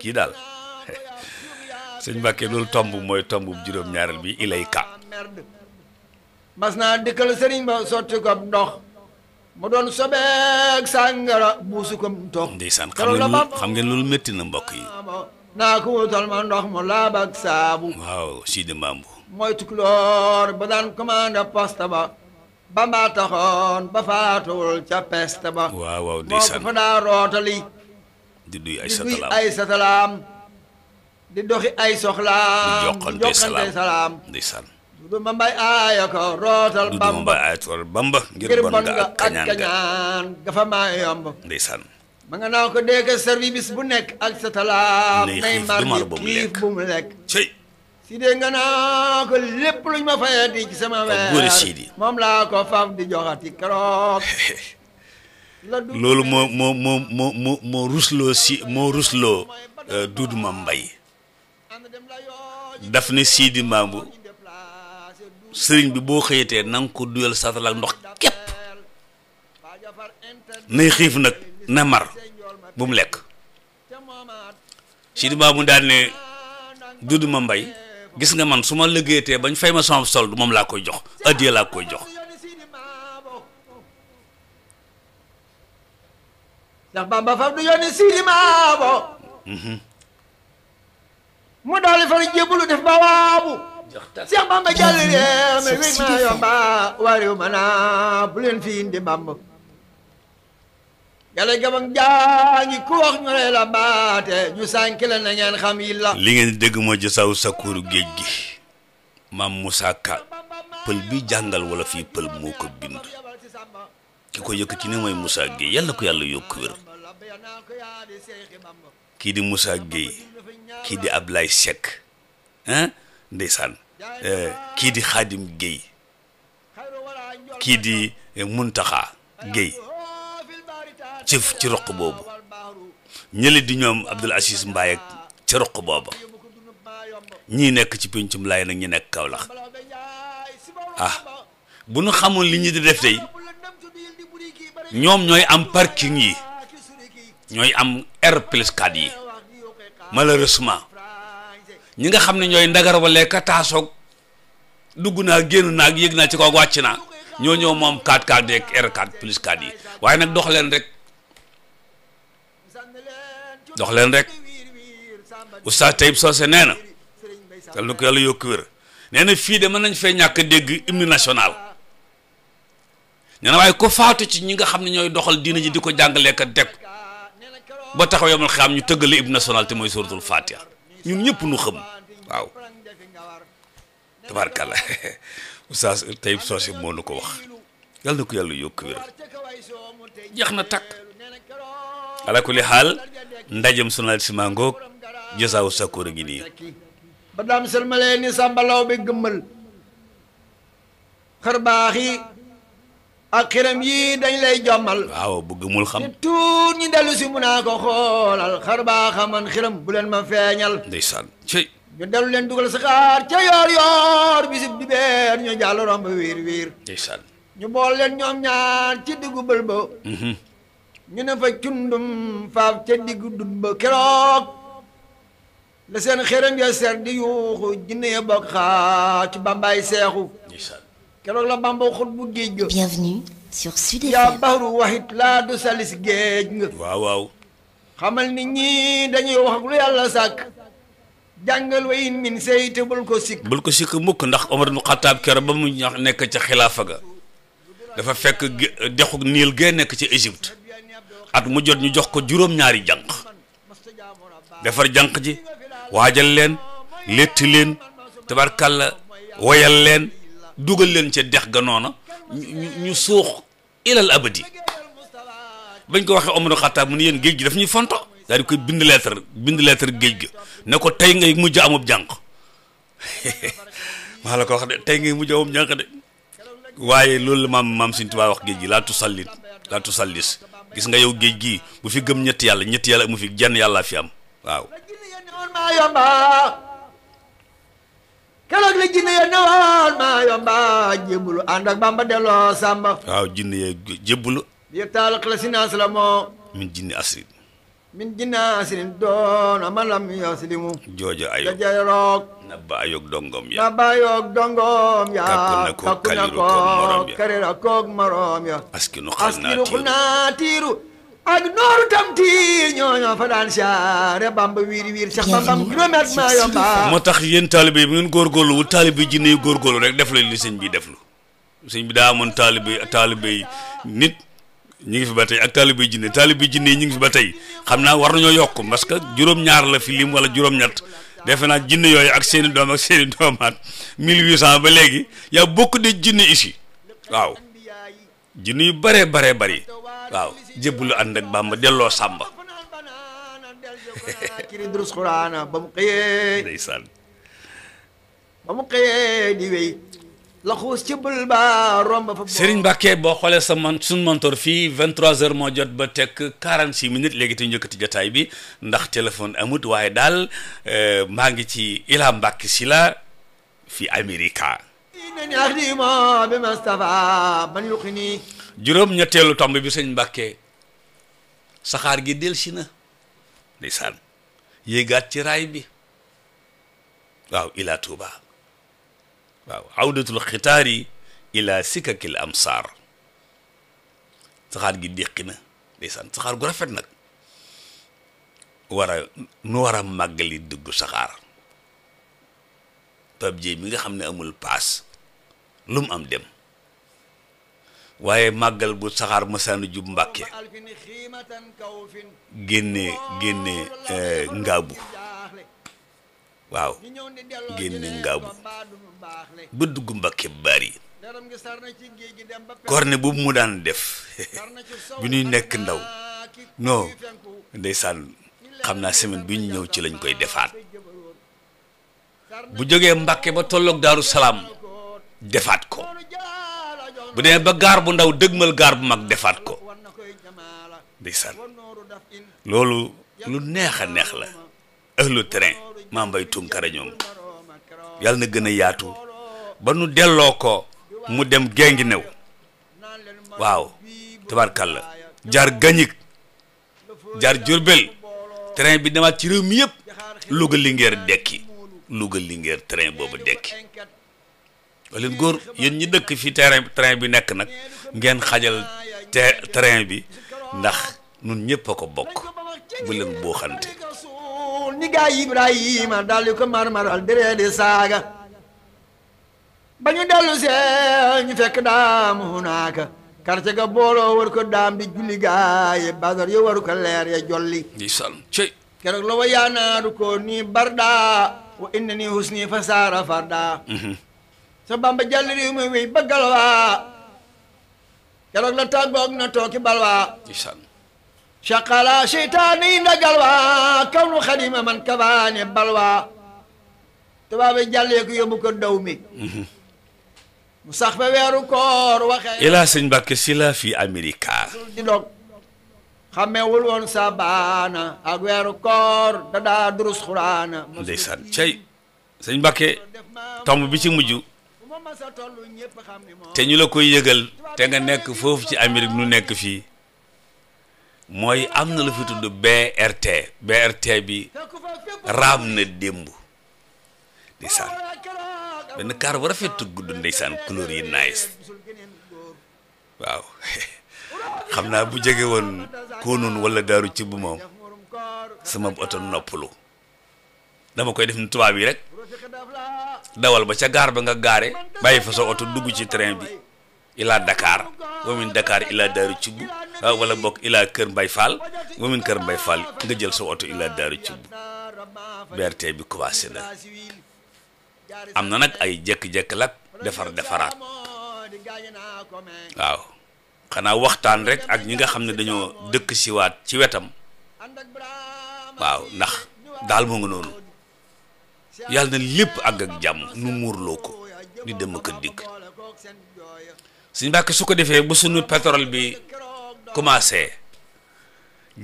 kii daal sëñ Mbàkke loolu tomb mooy tomb juróom-ñaareel bi ilayka mas naa dikkal sëriñ ba sotti ko ndox mu doon sobeek sàngara buusu ko tox ndeysaan xam ngeen loolu métti na mbokk yi naa ko ma ndox mu laab ak saabu waaw Sidi Mbambu mooy tukulóor ba daan commandé poste ba ba maa taxoon ba faatuwul ca peste ba waaw waaw ndeysaan moo ko fa daa rootali di duy ay satalaam di doxi ay soxlaam joxante salaam salaam ndeysaan du ma mbay aaya ko rootal bamba du ma mbay aaya rootal bamba ngir bon nga ak kañaan ga fa maa yomb ndeysaan ma nga naa ko deeka service bu nekk ak sa talaam nay mar bu xiif bu mu lekk cëy si dee nga naa ko lépp luñ ma fayati ci sama weer moom laa ko faf di joxati keroog loolu moo moo moo moo moo rusloo si moo rusloo euh, Dudu Mame Mbaye daf ne Sidi Mbambu sëriñ bi boo xëyatee na nga ko duyal satala ndox képp nay xiif nag na mar bu mu lekk Sidi Mbambu daal ne dudd ma mbay gis nga man su ma liggéeyatee bañ fay ma sama solde moom laa koy jox addiya laa koy jox mu daal di faral jébbalu def ba waabu. Seex Bamba jàll réew mi wéy maa yomba waa réew ma naa bu leen fi indi Bamba. gale gabam jaa ku wax ñu ne la baate ñu sànk na ngeen xam yi la. li ngeen dégg mooy Jasaw Sakkuuru géej gi maam Moussa Ka pël bi jàngal wala fii pël moo ko bind. ki ko yëkkati ne mooy Moussa Gueye yàlla ko yàlla yokk wér kii di Moussa Gueye. kii di Ablaye Seck ah ndeysaan eh, kii di Xaadim Géey kii di Muntaxa Géey ci ci roq boobu ñële di ñoom Abdul Aziz Mbaye ci roq booba ñii nekk ci pencum lay nag ñu nekk Kaolack ah bu ñu xamoon li ñu di def tey ñoom ñooy am parking yi ñooy am air plus 4 yi malheureusement ñi nga xam ne ñooy ndagar wala ka taasoog dugg naa génn naa yëg naa ci kaw wàcc naa ñoo ñoo moom 4-4 yeeg R4 plus 4 yi waaye nag dox leen rek dox leen rek oustaz Taïb Socé nee na tel na ko yàlla yokku wér nee na fii de mën nañ fee ñàkk dégg hymne national nee na waaye ko faatu ci ñi nga xam ne ñooy doxal diina ji di ko jàngaleekat teg ba taxaw yamul xam ñu tëggale hymne national te mooy suratul fatiha ñun ñëpp nu xam waaw tabarkalla oustaz Taïb Socé moo nu ko wax yàlla na ko yàlla yokk wér jeex na takk ala kulli xaal ndajam sonal si mangoog jësaawu sakkoor a ngi nii ba daam sëlmalee ni sàmbalaw ak xiram yi dañ lay jommal waaw bëgg mul xam tuut ñi dellu si mun naa ko xoolal xar baa xaman leen ma feeñal ndeysaan cey ñu dellu leen dugal saxaar ca yoor yoor bisib di beer ñu jàll romb wiir wiir ñu bool leen ñoom ñaar ci diggu bël ba mm-hmm. ñu ne fa cundum faaf ca diggu dun ba la seen xiram ya ser di yuuxu jinne ya bokk xaar ci bambaay seexu keroog la Bamba waxoon bu géej ga. bienvenue sur Sud FM. yaa baxru waaw waaw. xamal ni ñii dañuy wax lu yàlla sàkk. jàngal wa in min sey te bul ko sikk. bul ko sikk mukk ndax Omar ibn Xattaab keroog ba mu ñax nekk ca xilaafa ga dafa fekk dexu niil gee nekk ci Égypte at mu jot ñu jox ko juróom-ñaari jànq defar jànq ji waajal leen létti leen tabarkàlla woyal leen dugal leen ca dex ga noona ñu ñu suux ilal abadi bañ ko waxee Omar Xattaab mu ni yéen géej gi daf ñuy fonto daal di koy bind lettre bind lettre géej ga ne ko tey ngay mujj amub jànq maa la ko de tey ngay mujj amub jànq de waaye loolu la maam maam Sëñ Tuubaa wax géej gi laatu tusallit laatu tusallis gis nga yow géej gi bu fi gëm ñetti yàlla ñetti yàlla mu fi jenn yàlla fi am waaw jébbalu ànd ak bamba delloo sàmba waaw jinne yee jébbalu yëpp taal si naas la moo min jinne asrin min jinne asrin doona ma lam yaslimu joojo ayoog daje roog na dongom ya na baayoog dongom ya kakku na koog kaliro koog morom ya askinu xal naa ak nooru tamti moo tax yéen taalibe yi bu ngeen góorgóorlu wu taalibe yi jinne góorgóorlu rek def lañ li sëñ bi def lu sëñ bi daa amoon taalibe taalibe yi nit ñu ngi fi ba tey ak taalibe yi jinne taalibe yi jinne ñu ngi fi ba tey xam naa war nañoo yokk parce que juróom-ñaar la fi lim wala juróom-ñett defe naa jinne yooyu ak seeni doom ak seeni doomaat 1800 ba léegi y'a bokk de jinne ici waaw jinne yu bare bare bari waaw jébbalu ànd ak Bàmba delloo Sàmba kiri durus xuraana ba mu xëyee ndeysaan ba mu xëyee di wéy la xuus ci bul ba romb fa Serigne Mbacke boo xoolee sa man suñ montor fii 23h moo jot ba tekk 46 minutes léegi te njëkkati jataay bi ndax téléphone amut waaye daal euh, maa ngi ci Ila Mbacke Sylla fi Amerika. juróom ñetteelu tomb bi sëñ Mbàkke saxaar gi delsi na ndeysaan yéegaat ci raay bi waaw ila Touba waaw awdatul xitaari ila sikakil amsaar saxaar gi déqi na ndeysaan saxaar gu rafet nag war a nu war a yi dugg saxaar Pape Dieye mi nga xam ne amul paas lu am dem waaye màggal bu saxaar ma masaanu jub mbakke génne génne eh, ngaabu waaw génne ngaabu ba dugg mbàkke bari korne boobu mu daan def bu ñuy nekk ndaw non ndeysaan xam naa semaine bi ñu ñëw ci lañ koy defaat bu jógee mbakke ba tolloog daaru salaam defaat ko bu demee ba gaar bu ndaw dëgmal gaar bu mag defaat ko ndeysaan loolu lu neex a neex la ëllu train maa mbay tunkara ñoom yàlla na gën a yaatu ba nu delloo ko mu dem géngi new waaw tabarkàlla jaar gañik jaar jurbel train bi demaat ci réew mi yëpp Louga Linguère dekki Louga Linguère train boobu dekki leen góor yéen ñi dëkk fi terrain train bi nekk nag ngeen xajal te train bi ndax nun ñëpp ko bokk bu leen buuxante ni gaay Ibrahima daldi ko marmaral deree di saaga ba ñu dellu see ñu fekk daamu hunaaka karte ga booloo war ko daam di julli gaaye badar yo waru ko leer ya jolli ndeysaan cey keroog la wa yaanaaru ko nii barda wa inna ni husni fa saara farda mhm. sa bamba jàll réew mi wéy ba galwaa keroog la tàggoog na tooki balwaa shaqala seytaane nda galwaa kaw nu xadima man kabaane balwaa tubaabe jàllee ko yóbbu ko daw mi mhm. mu sax weeru koor ilaa sëñ Mbàkke si la fii di dog xamewul woon sa baana ak weeru koor dadaa durus xuraana ndeysaan cey sëñ Mbàkke tomb bi ci mujj te ñu la koy yëgal te nga nekk foofu ci Amérique nu nekk fii mooy am na lu fi tudd BRT BRT bi raam na démb ndeysaan benn kaar bu rafet tugg gudd ndeysaan couleur yi nice waaw xam naa bu jege woon Koonoon wala daaru ci bu moom sama oto noppalu dama koy def ni tubaab yi rek dawal ba ca gaar ba nga gaare bàyyi fa sa oto dugg ci train bi ilaa Dakar wamin Dakar ilaa Daaru Cubb ah, wala bokk ilaa Kër Mbay Fall wamin Kër Mbay Fall nga jël sa oto ilaa Daaru Cubb BRT bi commencé na am na nag ay jékki-jékk lak defar defaraat waaw xanaa waxtaan rek ak ñi nga xam ne dañoo dëkk siwaat ci wetam waaw ndax daal moo nga noonu yàlla na lépp àgg ak jàmm nu muurloo ko di dem ak dikk suñ bàkk su ko defee bu suñu pétrole bi commencé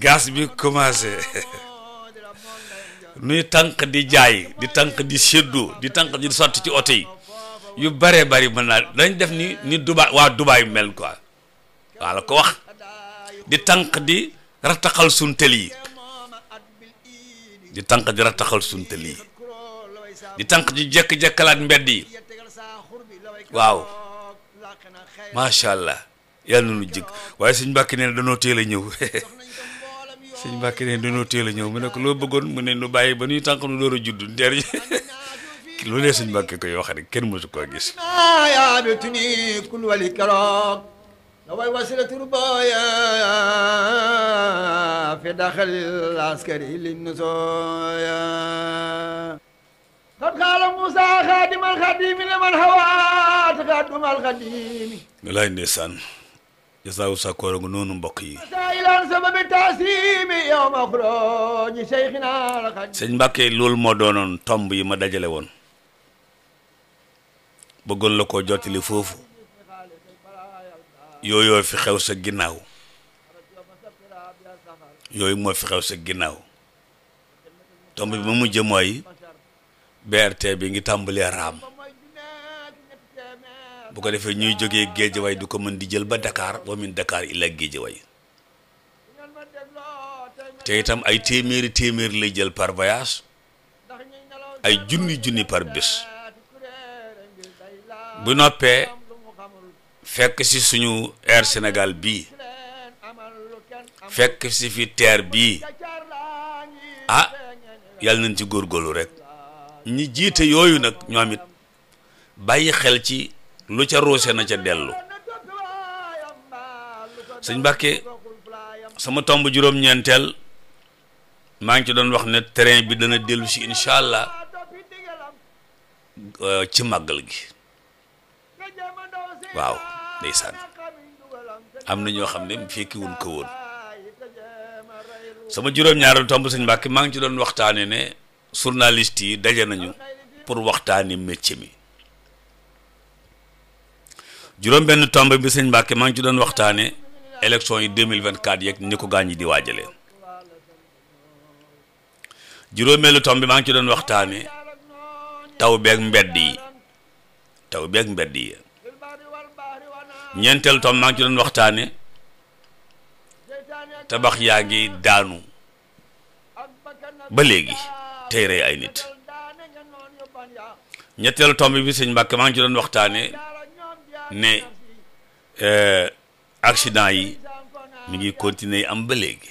gaz bi commencé nuy tànk di jaay di tànk di séddoo di tànk di sotti ci oto yi yu bare bari mën naa dañ def ni ni Dubaay waa Dubaay mel quoi waa la ko wax di tànk di rattaxal suñ tël yi di tànk di rattaxal suñ tël yi di tànq di jekk-jekkalaat mbedd yi waaw macha allah yàlla na lu jig waaye sëñ Mbàkke nee na danoo teel a ñëw sëñ Mbàkke nee na danoo teel a ñëw mu ne ko loo bëggoon mu ne nu bàyyi ba nuy tànq nu door a judd ndeer yi loolu lee sëñ Mbàkke koy wax rek kenn mosu koo gis yaabetuni kul wali karoog la way wasilatu rubaya fi daxal askari lin nusoya قد قال موسى خادم الخديم لمن هوى تقدم الخديم lay ndeysaan jasaawu sakoor ngi noonu mbokk yi ilan sababi taasimi yow ma xurooji seyxina sëñ Mbàkke loolu moo doonoon tomb yi ma dajale woon bëggoon la koo jottali foofu yooyu fi xew sa ginnaaw yooyu moo fi xew sa ginnaaw tomb bi ma mujj mooy BRT bi ngi tàmbalee raam bu ko defee ñuy jógee Géejawaay du ko mën di jël ba Dakar wa min Dakar illa Géejawaay te itam ay téeméeri téeméer lay jël par ay junni junni par bu noppee fekk si suñu Air Sénégal bi fekk si fi TER bii ah yàlla nañ ci góor góorgóorlu rek ñi jiite yooyu nag ñoom it bàyyi xel ci lu ca ruuse na ca dellu sëñ Mbàkke sama tomb juróom-ñeenteel maa ngi ci doon wax ne terrain bi dana dellu si incha allah euh, ci màggal gi waaw ndeysaan am na ñoo xam ne fekkiwuñ ko woon sama juróom-ñaareelu tomb sëñ Mbàkke maa ngi ci doon waxtaane ne journaliste yi daje nañu pour waxtaani métier mi juróom-benn tomb bi sëñ Mbàkke maa ngi ci doon waxtaane élection yi 2024 yeeg ni ko gaañ yi di waajalee juróomeelu tomb bi maa ngi ci doon waxtaane taw taw beeg mbedd yi ñeenteelu tomb maa ngi ci doon waxtaane tabax yaa ngi daanu ba léegi tey rey ay nit ñetteelu tomb bi sëñ Mbàkke maa ngi ci doon waxtaane ne eh, accident yi mu ngi continuer am ba léegi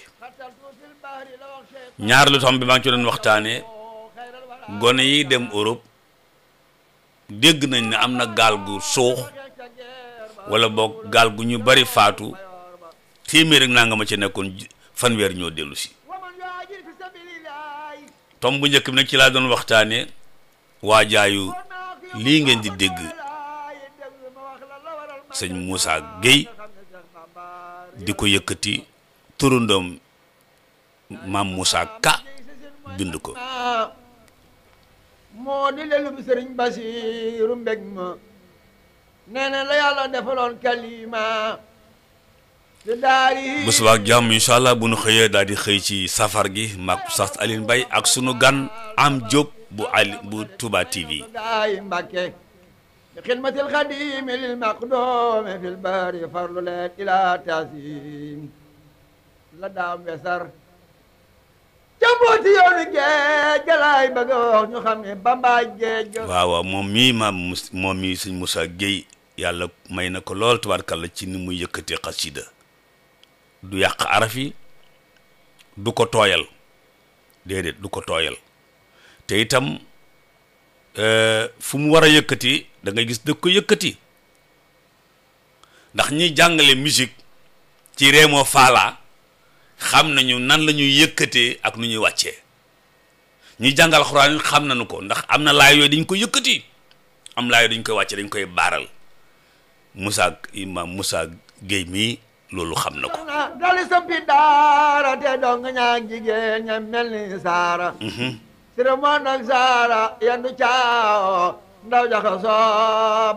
ñaar lu tomb bi maa ci doon waxtaane gone yi dem Europe dégg nañ ne am na gaal gu suux wala boog gaal gu ñu bari faatu téeméer ak naa nga ma ci nekkoon fanweer ñoo dellu si tom bu njëkk bi nag ci laa doon waxtaane waajaayu lii ngeen di dégg sëñ Moussa Guèye di ko yëkkati turandoom maam Moussa Ka bind ko moo di lelum sëriñ Basiru mbég ma nee la yàlla defaloon kalima bu subaa ak jàmm bu nu xëyee daal di xëy ci safar gi mag Oustaz Alioune Mbaye ak sunu gan am Diop bu Ali bu Touba TV. خدمة الخديم للمقدوم في البر فرل إلى تعزيم لدام يسر jabóoti yoonu géej jalaay bëgg wax ñu xam ne Bamba géej waaw waaw moom mii yàlla may na ko lool tubaarkàlla ci ni muy yëkkatee xasida du yàq araf yi du ko tooyal déedéet du ko tooyal te itam euh, fu mu war a yëkkati dangay gis da ko yëkkati ndax ñi jàngale musique ci Remo Fala xam nañu nan la ñuy yëkkatee ak nu ñuy wàccee ñi jàngal xuraan xam nañu ko ndax am na laay yooyu dañ ko yëkkati am laay yooyu dañ koy wàcce dañ koy baaral Moussa imam Moussa Guèye mii loolu xam na ko dali sampi daara te dong ñaa jigéen ña mel ni saara mhm. sira moon ak saara yandu caawo ndaw jaxaso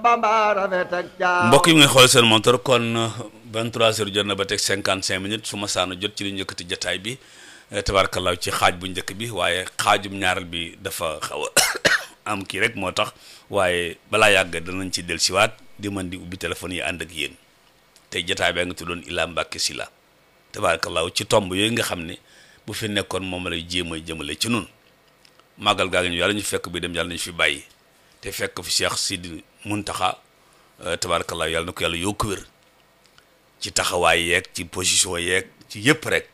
bambara fet ak caaw mbokk yi ngay xool seen montor kon 23 heures jot na ba teg 55 minutes su ma saanu jot ci li njëkkati jataay bi eh, tabarkalaaw ci xaaj bu njëkk bi waaye xaajum ñaaral bi dafa xaw am kii rek moo tax waaye balaa yàgg danañ ci dellusiwaat di man di ubbi téléphone yi ànd ak yéen tey jotaay baa nga tuddoon Ila Mbacke Sylla tabaarakallaahu ci tomb yooyu nga xam ne bu fi nekkoon moom lay jéem a jëmale ci nun màggal gaa ngi ñu yàlla ñu fekk bi dem yàlla nañu fi bàyyi te fekk fi Cheikh Sidi Muntaxa euh, tabaarakallaahu yàlla na ko yàlla yokku wér ci taxawaay yeeg ci position yeeg ci yëpp rek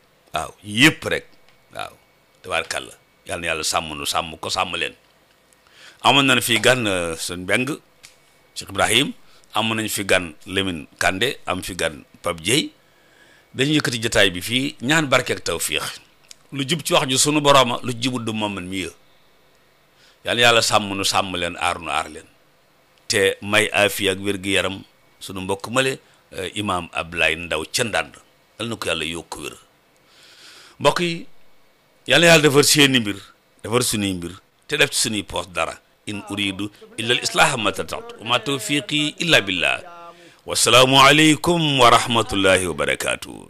rek waaw yàlla na yàlla sàmm nu sàmm ko sàmm leen amoon na fi gan euh, seen beng Cheikh Ibrahim am nañ fi gan Lamine Kande am fi gan Pape Dieye dañu yëkkati jataay bi fii ñaan barke ak tawfiix lu jub ci wax ji sunu borooma lu jubut du moom man mi yàlla yàlla sàmm nu sàmm leen aar nu aar leen te may aafiya ak wér-gi-yaram sunu mbokk male eh, imaam Ablaye Ndaw ca Ndànd yal na ko yàlla yokk wér mbokk yi yàlla yàlla defar seeni mbir defar sunuy mbir te def ci sunuy poos dara in uridu illa al islaaha ma tataatu wa ma tawfiqi illa billah wasalaamu aleykum wa rahmatullahi wa barakaatu